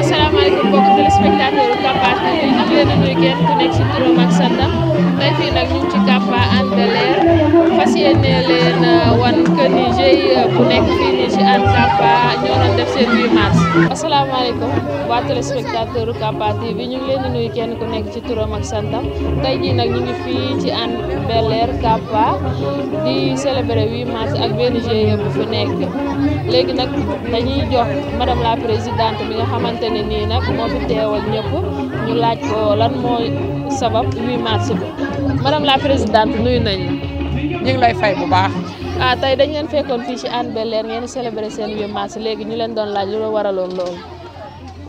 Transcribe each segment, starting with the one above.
asalaamaaleykum mbokki téléspectateur bu Capa TV ñu ngi leen di kenn ku turam ak santam tey fii nag ñu ngi ci Capa fas yéene leen euh, wan que ni euh, bu nekk fii nii ci Hann Capa ñoo doon def seen 8 mars. asalaamaaleykum waa téléspectateur Capa TV ñu leen nuyu kenn ku nekk ci turam ak santa tey jii nag ñu ngi fii ci Hann Bel-Air di célébrer mars ak benn GIE bu fi nekk léegi nag dañuy jox madame la présidente bi nga xamante ne nii nag moo fi teewal ñëpp ñu laaj ko lan mooy sabab mars bi madame la présidente nuyu nañu. ñu ngi lay fay bu baax. ah tay dañ leen fekkon fi ci an bel ngeen célébrer seen 8 mars légui ñu leen doon laaj lu waraloon lool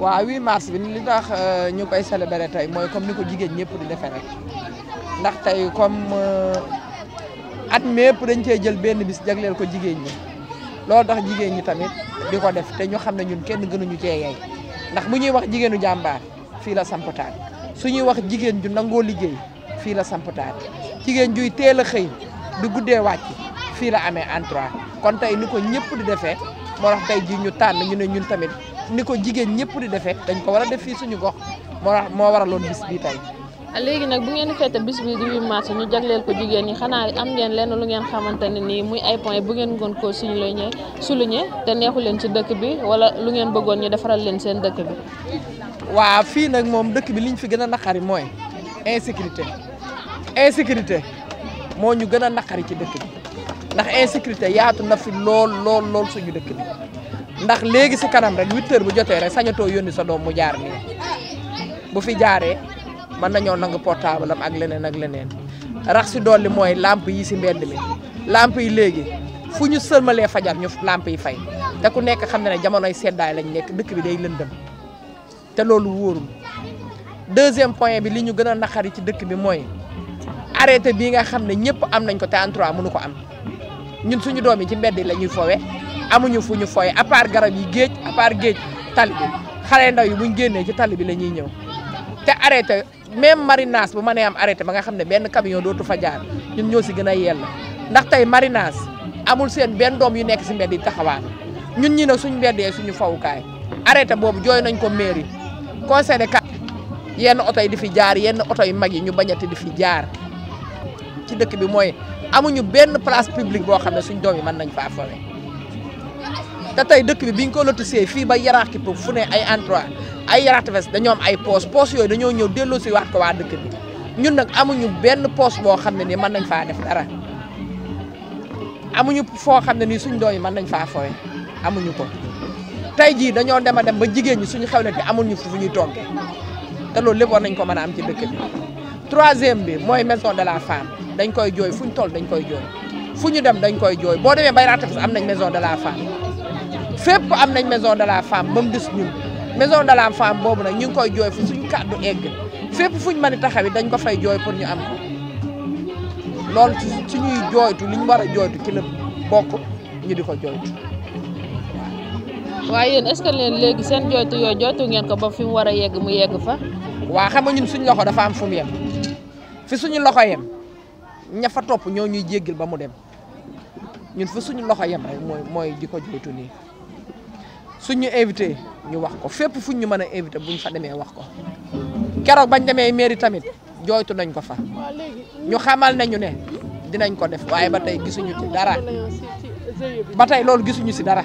wa 8 mars bi li tax euh, ñu koy célébrer tay moy comme niko jigeen ñepp di defee rek ndax tay comme euh, at mepp dañ cey jël benn bis jaglél ko jigeen ñi loolu tax jigeen ñi tamit diko def te ñu xam ñun kenn gënu ñu cey yey ndax bu ñuy wax jigeenu jambar fi la sampataan suñuy wax jigeen ju nango liggéey fi la sampataan jigeen juy téla xey du guddee wàcc fii la amee entroit kon tey ni ko ñëpp di defee moo tax tey jii ñu tànn ñu ne ñun tamit ni ko jigéen ñëpp di defee dañ ko war a def fii suñu gox moo tax moo waraloon bis bi tey. Ah, léegi nag bu ngeen feete bis bii di 8 mars ñu jagleel ko jigéen ñi xanaa am ngeen lenn lu ngeen xamante ne nii muy ay point bu ngeen goon koo souligner souligner te neexu leen ci dëkk bi wala lu ngeen bëggoon ñu defaral leen seen dëkk bi. waaw fii nag moom dëkk bi liñ fi gën a naqari mooy insécurité insécurité. moo ñu gën a naqari ci dëkk bi ndax insécurité yaatu na fi lool lool lool suñu dëkk bi ndax léegi si kanam rek huit bu jotee rek sañatoo yónni sa doom mu jaar nii bu fi jaaree mën nañoo nangu portable am ak leneen ak leneen rax si dolli mooy làmp yi si mbedd mi làmp yi léegi fu ñu sëlmalee fajar ñu lamp yi fay te ku nekk xam na ne jamonoy seddaay lañ nekk dëkk bi day lëndëm te loolu wóorul deuxième point bi li ñu gën a naqari ci dëkk bi mooy arrêté bii nga xam ne ñëpp am nañ ko te en trois mënu ko am ñun suñu doom yi ci mbedd la ñuy fowe amuñu fu ñu fowe à garab yi géej à géej tali bi ndax ndaw yi buñ génnee ci tali bi la ñuy ñëw te arrêté même marinage bu mënee am arrêté ba nga xam ne benn camion dootu fa jaar ñun ñoo si gën a yell ndax tey marinage amul seen benn doom yu nekk si mbedd yi taxawaan ñun ñi nag suñu mbeddee suñu fawukaay arrêté boobu jooy nañ ko mairie conseil de yenn oto yi di fi jaar yenn oto yu mag yi ñu bañati di fi jaar ci dëkk bi mooy amuñu benn place publique boo xam ne suñ doom yi mën nañ faa fawee te tey dëkk bi biñ ko lotisee fii ba yaraax ki fu ne ay endroit ay yaraax dañoo ay poos poos yooyu dañoo ñëw delloo si waat waa dëkk ñun nag amuñu benn poos boo xam ne ni mën nañ faa def dara amuñu foo xam ne nii suñ doom yi mën nañ faa fawee amuñu ko tey jii dañoo dem a dem ba jigéen ñi suñu xewle te amuñu fu ñuy toggee te loolu lépp war nañ ko mën a am ci dëkk bi troisième bi mooy maison de la femme dañ koy jooy fu ñu toll dañ koy jooy fu ñu dem dañ koy jooy boo demee Bayra Tefes am nañ maison de la femme fépp am nañ maison de la femme ba mu des ñun maison de la femme boobu nag ñu ngi koy jooy fu suñu kàddu egg fépp fuñ mën a taxaw dañ ko fay jooy pour ñu am ko loolu ci suñuy jooytu li ñu war a jooytu ci la bokk ñu di ko jooytu. waaye yéen est-ce que leen léegi seen jooytu yooyu jooytu ngeen ko ba fi mu war a yegg mu yegg fa. waa xam nga ñun suñu loxo dafa am fu mu yem fi suñu loxo yem. ña fa topp ñoo ñuy jéggil ba mu dem ñun fa suñu loxo yem rek mooy mooy di ko jooytu nii suñu invité ñu wax ko fépp fuñ ñu mën a invité buñ fa demee wax ko keroog bañ demee mairie tamit jooytu nañ ko fa ñu xamal nañu ne dinañ ko def waaye ba tey gisuñu ci dara ba tey loolu gisuñu si dara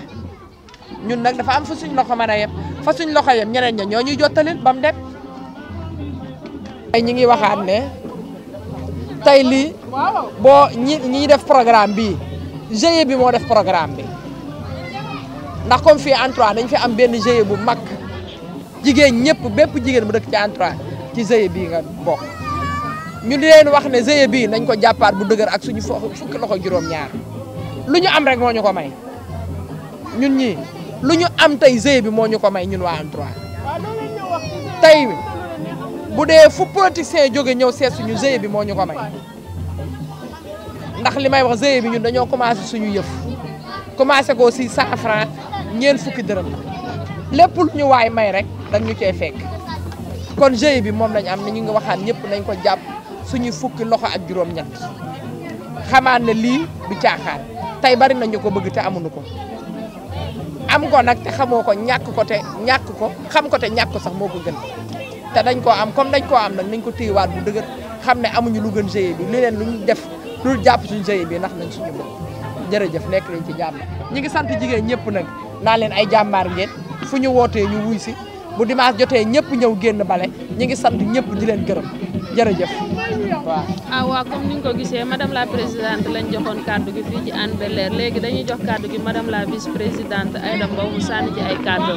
ñun nag dafa am fa suñ loxo mën a yem fa suñ loxo yem ñeneen ña ñoo ñuy jottali ba mu dem. ay ñi ngi waxaat ne. tey lii boo ñi ñiy def programme bii GIE bi moo def programme bi ndax comme fii en trois dañ fi am benn GIE bu mag jigéen ñëpp bépp jigéen bu dëkk ci en ci GIE bii nga bokk ñu di leen wax ne GIE bii nañ ko jàppaat bu dëgër ak suñu fukki loxo juróom-ñaar lu ñu am rek moo ñu ko may ñun ñii lu ñu am tey GIE bi moo ñu ko may ñun waa en trois bu dee fu politicien jóge ñëw seet suñu GIE bi moo ñu ko may ndax li may wax GIE bi ñun dañoo commencé suñu yëf commencé ko si cent franc ñeent fukki dërëm lépp lu ñu waay may rek dañ ñu cee fekk kon GIE bi moom lañ am ni ñu ngi waxaan ñëpp nañ ko jàpp suñu fukki loxo ak juróom-ñett xamaan ne lii du caaxaan tey bari nañu ko bëgg te amuñu ko am ko nag te xamoo ko ñàkk ko te ñàkk ko xam ko te ñàkk sax moo ko gën te dañ koo am comme dañ ko am nag nañ ko téyewaat bu dëgër xam ne amuñu lu gën GIE leen lu ñu def lu jàpp suñu GIE bi ndax nañ suñu bopp jërëjëf nekk nañ ci jàmm ñi ngi sant jigéen ñëpp nag naa leen ay jàmbaar ngeen fu ñu wootee ñu wuy si bu dimanche jotee ñëpp ñëw génn bale ñi ngi sant ñëpp di leen gërëm jërëjëf waaw ah waaw comme ko gisee madame la présidente lañ joxoon kàddu gi fii ci Hann bel léegi dañuy jox kàddu gi madame la vice présidente Aïda Mbow mu sànni ci ay kàddu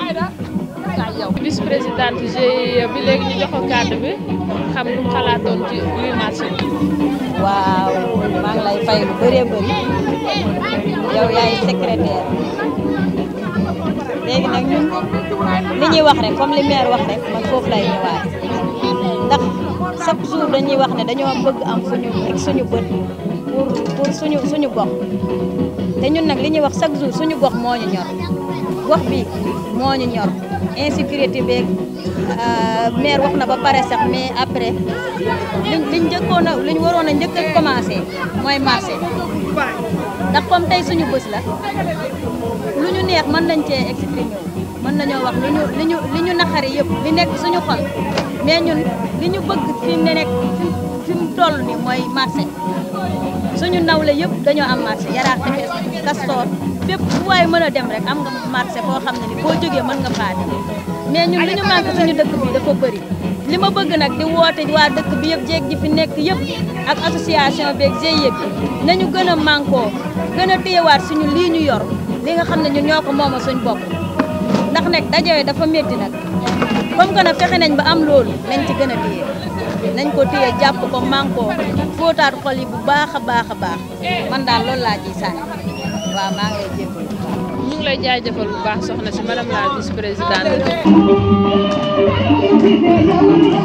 vice présidente GIE bi léegi ñu jox ko bi xam lu mu ci 8 mars waaw maa lay fay lu bëree bëri yow yaay secrétaire léegi nag ñun li ñuy wax rek comme li maire wax rek man foofu lay ñëwaat ndax chaque jour dañuy wax ne dañoo bëgg am suñu teg suñu bët pour suñu suñu te ñun nag li ñuy wax chaque jour suñu gox moo ñu ñor gox bi moo ñu ñor. insécurité beeg euh, maire wax na ba pare sax mais après liñ liñ njëkkoon liñ waroon a njëkk a commencé mooy marché ndax comme tey suñu bés la lu ñu neex mën nañ cee exprimer mën nañoo wax li ñu li ñu naqari yëpp li nekk suñu xol mais ñun li ñu bëgg fi mu ne nekk fi mu toll ni mooy marché suñu nawle yëpp dañoo am marché yaraax tefes kastoor fépp bu waay mën a dem rek am nga marché boo xam ne ni boo jógee mën nga faa dem ñun li ñu manqué suñu dëkk bi dafa bëri li ma bëgg nag di woote waa dëkk bi yëpp jéeg ji fi nekk yëpp ak association beeg GIE bi nañu gën a mànkoo gën a téyewaat suñu lii ñu yor li nga xam ne ñun ñoo ko mooma suñ bopp ndax nag dajewee dafa métti nag comme que nag fexe nañ ba am loolu nañ ci gën a nañ ko téye jàpp ko mànkoo fóotaat xol yi bu baax a baax a baax man daal laa ciy waaw maa ngi lay jébbal. ñu ngi lay baax soxna si madame la vice présidente.